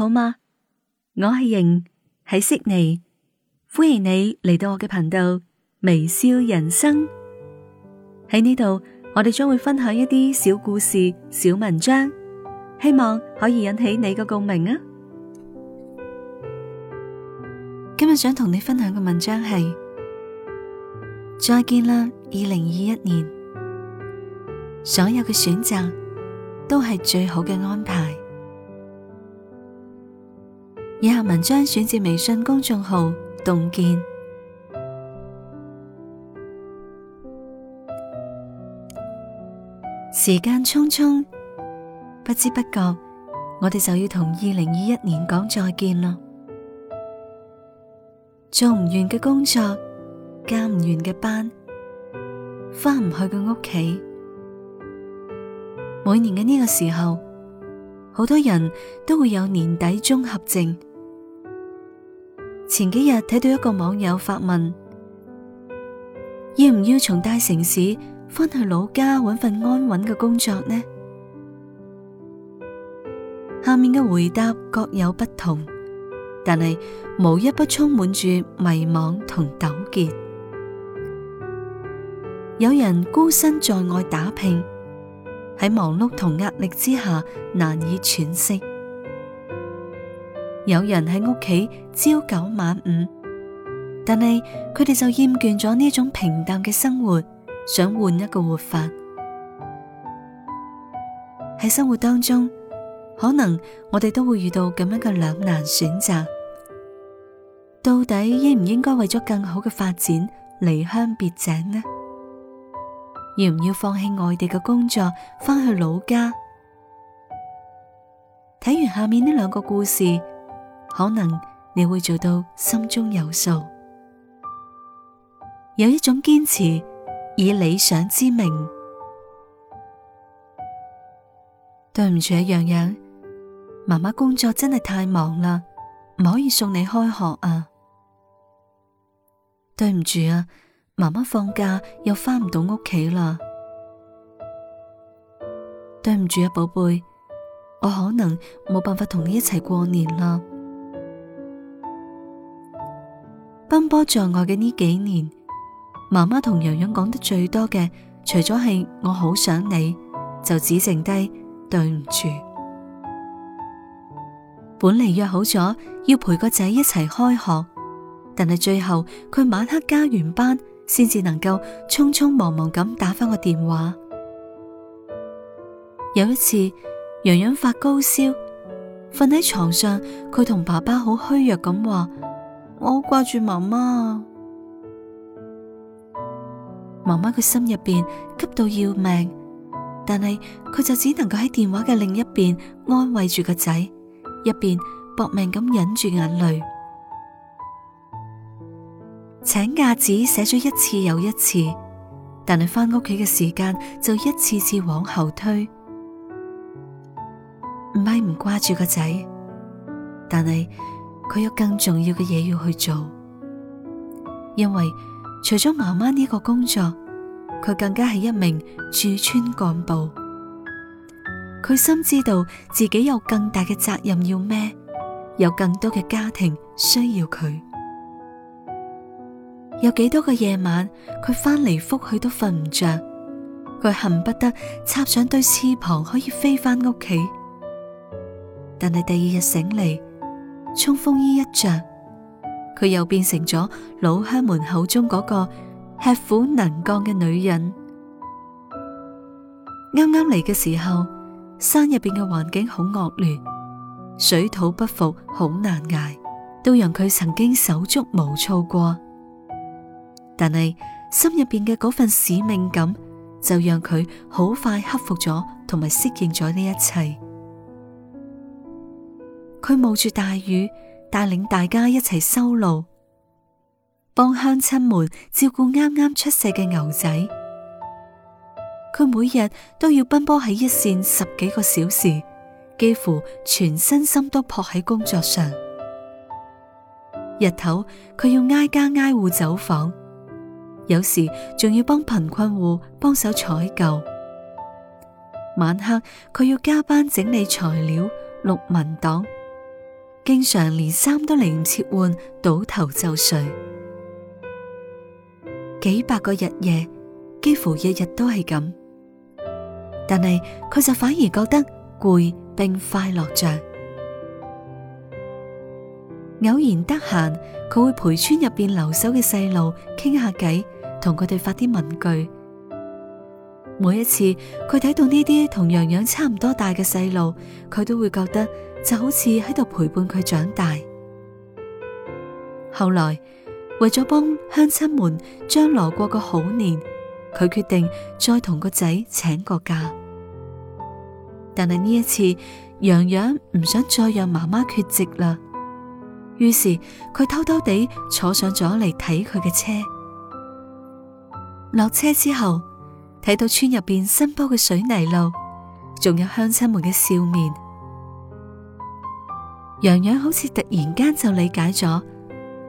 好嗎？我係瑩，喺悉尼，歡迎你嚟到我嘅頻道微笑人生。喺呢度，我哋將會分享一啲小故事、小文章，希望可以引起你嘅共鳴啊。今日想同你分享嘅文章係再見啦，二零二一年，所有嘅選擇都係最好嘅安排。以下文章選自微信公眾號《洞見》。時間匆匆，不知不覺，我哋就要同二零二一年講再見啦。做唔完嘅工作，加唔完嘅班，翻唔去嘅屋企。每年嘅呢個時候，好多人都會有年底綜合症。前幾日睇到一個網友發問：要唔要從大城市返去老家搵份安穩嘅工作呢？下面嘅回答各有不同，但係無一不充滿住迷惘同糾結。有人孤身在外打拼，喺忙碌同壓力之下難以喘息。有人喺屋企朝九晚五，但係佢哋就厭倦咗呢種平淡嘅生活，想換一個活法。喺生活當中，可能我哋都會遇到咁樣嘅兩難選擇，到底應唔應該為咗更好嘅發展離鄉別井呢？要唔要放棄外地嘅工作，翻去老家？睇完下面呢兩個故事。可能你會做到心中有數，有一種堅持以理想之名。對唔住啊洋洋，媽媽工作真係太忙啦，唔可以送你開學啊！對唔住啊，媽媽放假又翻唔到屋企啦。對唔住啊，寶貝，我可能冇辦法同你一齊過年啦。奔波在外嘅呢幾年，媽媽同洋洋講得最多嘅，除咗係我好想你，就只剩低對唔住。本嚟約好咗要陪個仔一齊開學，但係最後佢晚黑加完班，先至能夠匆匆忙忙咁打返個電話。有一次，洋洋發高燒，瞓喺床上，佢同爸爸好虛弱咁話。我好掛住媽媽，媽媽佢心入邊急到要命，但係佢就只能夠喺電話嘅另一邊安慰住個仔，一邊搏命咁忍住眼淚，請假紙寫咗一次又一次，但係翻屋企嘅時間就一次次往後推，唔係唔掛住個仔，但係。佢有更重要嘅嘢要去做，因為除咗媽媽呢個工作，佢更加係一名駐村幹部。佢深知道自己有更大嘅責任要孭，有更多嘅家庭需要佢。有幾多個夜晚，佢翻嚟覆去，都瞓唔着，佢恨不得插上對翅膀可以飛翻屋企。但係第二日醒嚟，衝鋒衣一着，佢又變成咗老鄉們口中嗰個吃苦能幹嘅女人。啱啱嚟嘅時候，山入邊嘅環境好惡劣，水土不服好難捱，都讓佢曾經手足無措過。但係心入邊嘅嗰份使命感，就讓佢好快克服咗，同埋適應咗呢一切。佢冒住大雨帶領大家一齊修路，幫鄉親們照顧啱啱出世嘅牛仔。佢每日都要奔波喺一線十幾個小時，幾乎全身心都撲喺工作上。日頭佢要挨家挨戶走訪，有時仲要幫貧困戶幫手採購。晚黑佢要加班整理材料，錄文檔。經常連衫都嚟唔切換，倒頭就睡，幾百個日夜，幾乎日日都係咁。但係佢就反而覺得攰並快樂着。偶然得閒，佢會陪村入邊留守嘅細路傾下偈，同佢哋發啲文具。每一次佢睇到呢啲同洋洋差唔多大嘅細路，佢都會覺得。就好似喺度陪伴佢長大。後來為咗幫鄉親們將來過個好年，佢決定再同個仔請個假。但係呢一次，洋洋唔想再讓媽媽缺席啦。於是佢偷偷地坐上咗嚟睇佢嘅車。落車之後，睇到村入邊新鋪嘅水泥路，仲有鄉親們嘅笑面。洋洋好似突然間就理解咗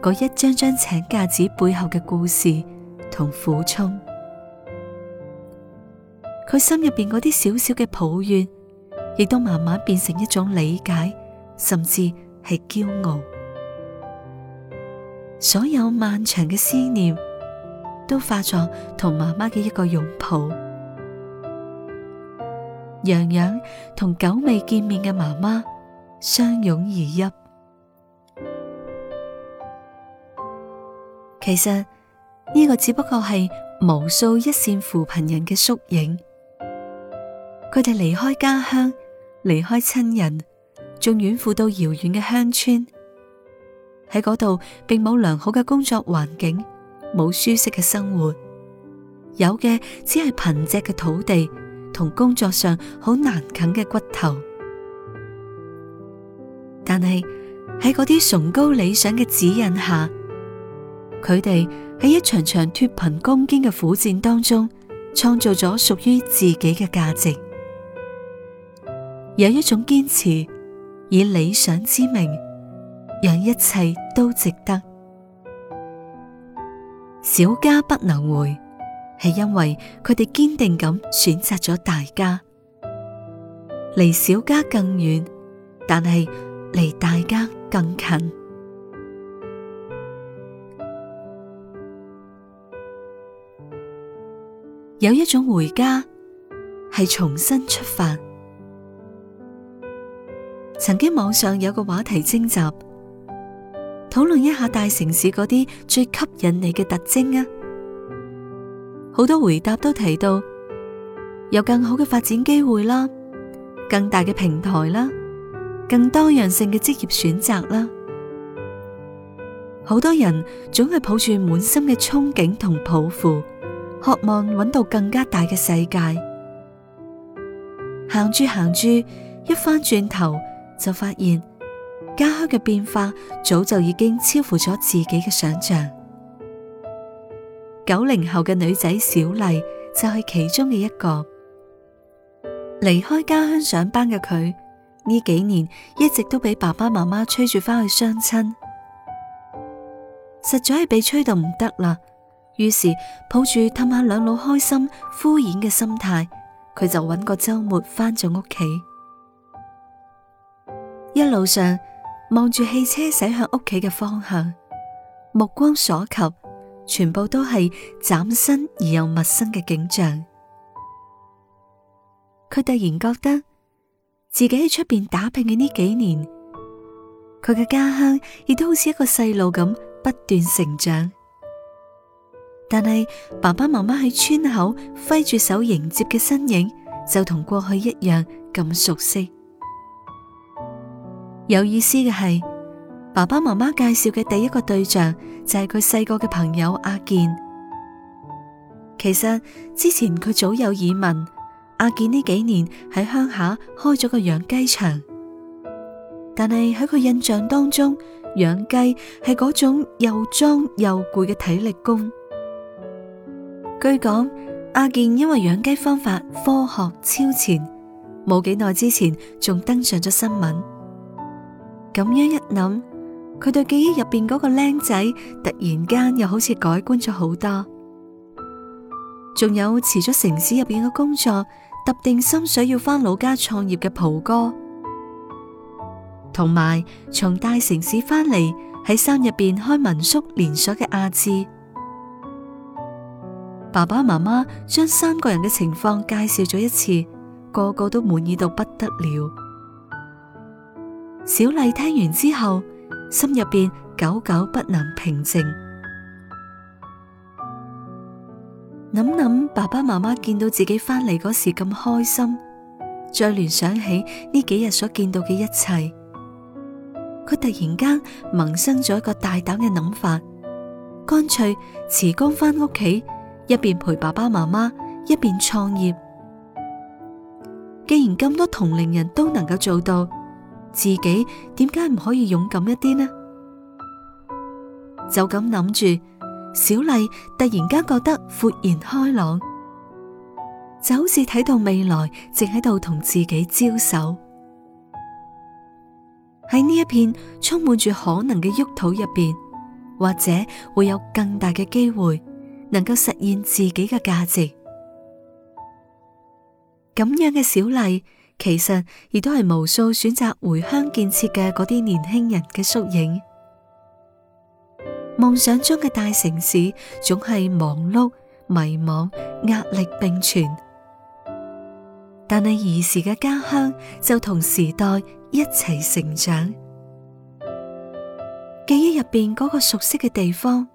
嗰一張張請假紙背後嘅故事同苦衷，佢心入邊嗰啲小小嘅抱怨，亦都慢慢變成一種理解，甚至係驕傲。所有漫長嘅思念，都化作同媽媽嘅一個擁抱。洋洋同久未見面嘅媽媽。相擁而泣。其實呢個只不過係無數一線扶貧人嘅縮影。佢哋離開家鄉，離開親人，仲遠赴到遙遠嘅鄉村。喺嗰度並冇良好嘅工作環境，冇舒適嘅生活。有嘅只係貧瘠嘅土地同工作上好難啃嘅骨頭。但係喺嗰啲崇高理想嘅指引下，佢哋喺一場場脫貧攻堅嘅苦戰當中，創造咗屬於自己嘅價值。有一種堅持，以理想之名，讓一切都值得。小家不能回，係因為佢哋堅定咁選擇咗大家，離小家更遠，但係。離大家更近。有一種回家，係重新出發。曾經網上有個話題徵集，討論一下大城市嗰啲最吸引你嘅特徵啊。好多回答都提到有更好嘅發展機會啦，更大嘅平台啦。更多樣性嘅職業選擇啦，好多人總係抱住滿心嘅憧憬同抱負，渴望揾到更加大嘅世界。行住行住，一翻轉頭就發現家鄉嘅變化早就已經超乎咗自己嘅想象。九零後嘅女仔小麗就係其中嘅一個，離開家鄉上班嘅佢。呢幾年一直都俾爸爸媽媽催住翻去相親，實在係被吹到唔得啦。於是抱住氹下兩老開心敷衍嘅心態，佢就揾個周末翻咗屋企。一路上望住汽車駛向屋企嘅方向，目光所及，全部都係嶄新而又陌生嘅景象。佢突然覺得。自己喺出邊打拼嘅呢幾年，佢嘅家鄉亦都好似一個細路咁不斷成長。但係爸爸媽媽喺村口揮住手迎接嘅身影，就同過去一樣咁熟悉。有意思嘅係，爸爸媽媽介紹嘅第一個對象就係佢細個嘅朋友阿健。其實之前佢早有耳聞。阿健呢幾年喺鄉下開咗個養雞場，但係喺佢印象當中，養雞係嗰種又髒又攰嘅體力工。據講，阿健因為養雞方法科學超前，冇幾耐之前仲登上咗新聞。咁樣一諗，佢對記憶入邊嗰個靚仔突然間又好似改觀咗好多。仲有辭咗城市入邊嘅工作。打定心水要返老家創業嘅蒲哥，同埋從大城市返嚟喺山入邊開民宿連鎖嘅阿志，爸爸媽媽將三個人嘅情況介紹咗一次，個個都滿意到不得了。小麗聽完之後，心入邊久久不能平靜。諗諗爸爸媽媽見到自己返嚟嗰時咁開心，再聯想起呢幾日所見到嘅一切，佢突然間萌生咗一個大膽嘅諗法，乾脆辭工返屋企，一邊陪爸爸媽媽，一邊創業。既然咁多同齡人都能夠做到，自己點解唔可以勇敢一啲呢？就咁諗住。小麗突然間覺得豁然開朗，就好似睇到未來正喺度同自己招手。喺呢一片充滿住可能嘅沃土入邊，或者會有更大嘅機會，能夠實現自己嘅價值。咁樣嘅小麗，其實亦都係無數選擇回鄉建設嘅嗰啲年輕人嘅縮影。夢想中嘅大城市，總係忙碌、迷惘、壓力並存。但係兒時嘅家鄉就同時代一齊成長。記憶入邊嗰個熟悉嘅地方，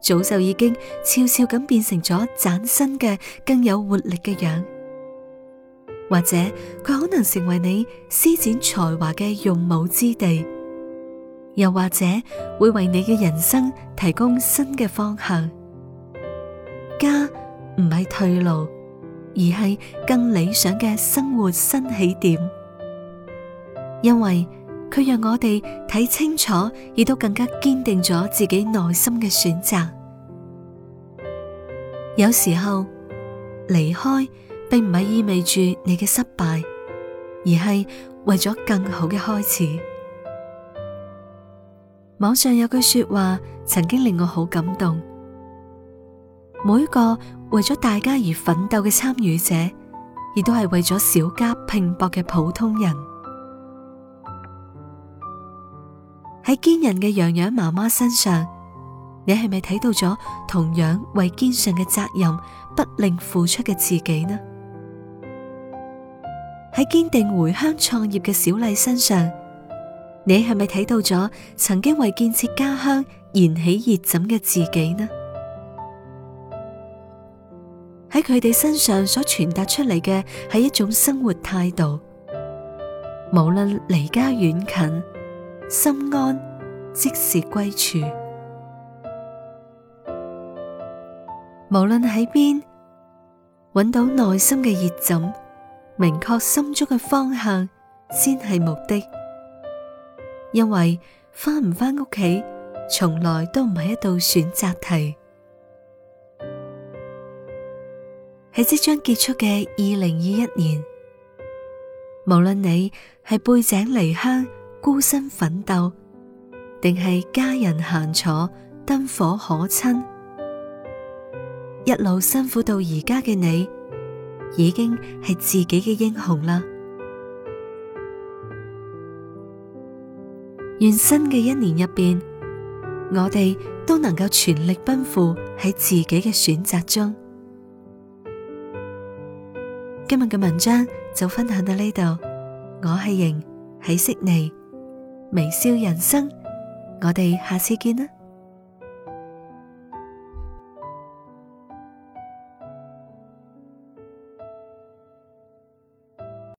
早就已經悄悄咁變成咗嶄新嘅、更有活力嘅樣。或者佢可能成為你施展才華嘅用武之地。又或者會為你嘅人生提供新嘅方向，家唔係退路，而係更理想嘅生活新起點。因為佢讓我哋睇清楚，亦都更加堅定咗自己內心嘅選擇。有時候離開並唔係意味住你嘅失敗，而係為咗更好嘅開始。網上有句說話，曾經令我好感動。每一個為咗大家而奮鬥嘅參與者，亦都係為咗小家拼搏嘅普通人。喺堅韌嘅楊楊媽媽身上，你係咪睇到咗同樣為肩上嘅責任不吝付出嘅自己呢？喺堅定回鄉創業嘅小麗身上，你係咪睇到咗曾經為建設家鄉燃起熱枕嘅自己呢？喺佢哋身上所傳達出嚟嘅，係一種生活態度。無論離家遠近，心安即是歸處。無論喺邊，揾到內心嘅熱枕，明確心中嘅方向，先係目的。因為翻唔翻屋企，從來都唔係一道選擇題。喺即將結束嘅二零二一年，無論你係背井離鄉、孤身奮鬥，定係家人閒坐、燈火可親，一路辛苦到而家嘅你，已經係自己嘅英雄啦。願新嘅一年入面，我哋都能夠全力奔赴喺自己嘅選擇中。今日嘅文章就分享到呢度，我係瑩，喺悉尼微笑人生，我哋下次見啦。